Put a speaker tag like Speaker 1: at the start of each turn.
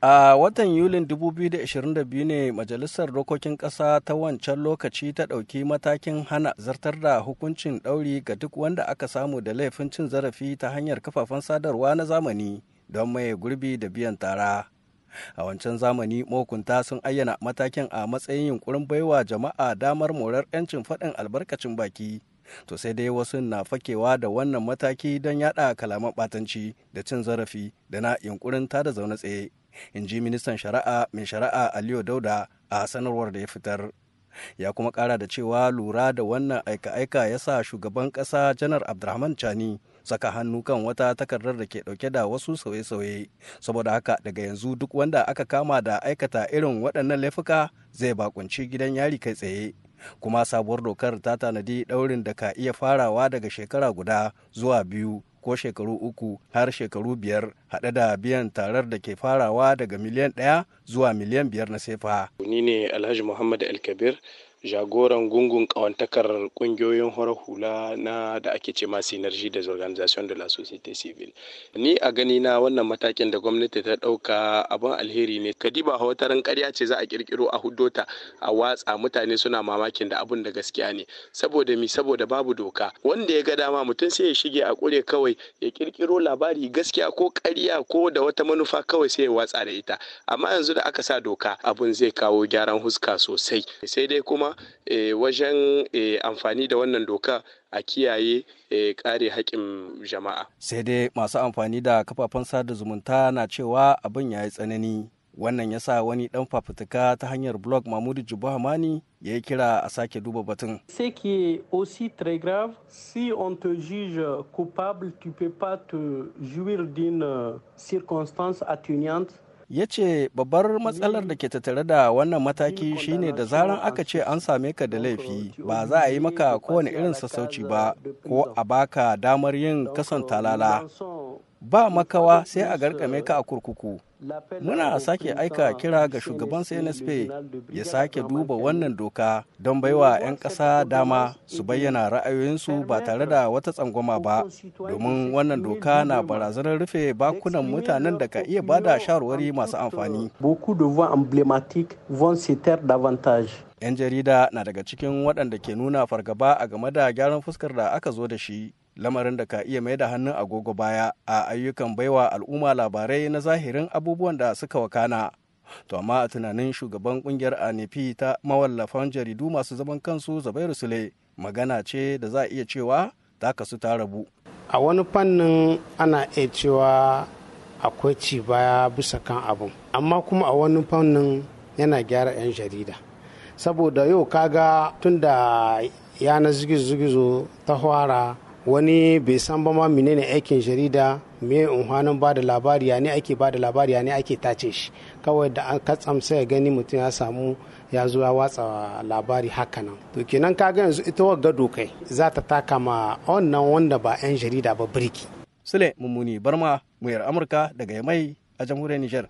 Speaker 1: A watan Yulin 2022 ne Majalisar Dokokin Ƙasa ta wancan lokaci ta ɗauki matakin hana zartar da hukuncin ɗauri ga duk wanda aka samu da laifin cin zarafi ta hanyar kafafen sadarwa na zamani don mai gurbi da biyan tara. A wancan zamani mahukunta sun ayyana matakin a matsayin yunkurin baiwa jama'a damar morar 'yancin faɗin albarkacin baki. To sai dai wasu na fakewa da wannan mataki don yada kalaman batanci da cin zarafi da na yunkurin tada zaune tsaye. in ji ministan shari'a mai shari'a aliyu dauda a sanarwar da ya fitar ya kuma kara da cewa lura da wannan aika-aika ya sa shugaban kasa janar abdulrahman chani saka hannu kan wata takardar da ke dauke da wasu sauye-sauye saboda haka daga yanzu duk wanda aka kama da aikata irin waɗannan laifuka zai bakunci gidan yari kai tsaye kuma sabuwar dokar ta tanadi daurin da ka iya farawa daga shekara guda zuwa biyu ko shekaru uku har shekaru biyar haɗe da biyan tarar da ke farawa daga miliyan ɗaya zuwa miliyan biyar na sefa.
Speaker 2: Ni ne Alhaji Muhammad Alkabir jagoran gungun kawantakar kungiyoyin horar hula na da ake ce ma sinarji da organisation de la société civile ni a gani na wannan matakin da gwamnati ta dauka abin alheri ne kadiba hawatarin karya ce za a kirkiro a hudota a watsa mutane suna mamakin da abun da gaskiya ne saboda mi saboda babu doka wanda ya ga dama mutum sai ya shige a kure kawai ya kirkiro labari gaskiya ko karya ko da wata manufa kawai sai ya watsa da ita amma yanzu da aka sa doka abun zai kawo gyaran huska sosai sai dai kuma Eh, wajen eh, amfani da wannan doka a kiyaye eh, kare haƙƙin jama'a.
Speaker 1: Sai dai masu amfani da kafafen sada zumunta na cewa abin ya yi tsanani. Wannan ya sa wani ɗan fafutuka ta hanyar blog Mahmudu Jubahamani ya yi kira a sake duba batun. c'est que si on te juge coupable, tu peux pas te jouir d'une euh, circonstance atténuante ya ce babbar matsalar da ke tattare da wannan mataki shine da zaran aka ce an same ka da laifi ba za a yi maka kowane irin sassauci ba ko a baka damar yin kasan talala ba makawa sai a garkame ka a kurkuku Muna sake aika kira ga shugaban CNSP ya sake duba wannan doka don baiwa 'yan ƙasa dama su bayyana ra'ayoyinsu ba tare da wata tsangwama ba, domin wannan doka na barazanar rufe bakunan mutanen da ka iya bada shawarwari masu amfani. 'Yan jarida na daga cikin waɗanda ke nuna fargaba a game da gyaran fuskar da aka zo da shi. lamarin da ka iya mai da hannun agogo baya a ayyukan baiwa al'umma labarai na zahirin abubuwan da suka wakana to amma a tunanin shugaban kungiyar anifi ta mawallafan jaridu masu zaman kansu zabairu sule magana ce da za a iya cewa ta kasu ta rabu a wani fannin ana iya cewa akwai ci baya bisa
Speaker 3: kan abin amma kuma a wani fannin yana gyara 'yan jarida saboda yau kaga tun da yanar zigizo ta fara wani bai san ba ma menene aikin jarida me unhanin ba da labari ya ne ake ba da labari ya ne ake tace shi kawai da an katsam ya gani mutum ya samu ya zo ya watsa labari haka nan to kenan kaga yanzu ita wagga dokai za ta taka ma wannan wanda ba 'yan jarida ba birki sule mummuni barma muyar amurka daga mai a jamhuriyar nijar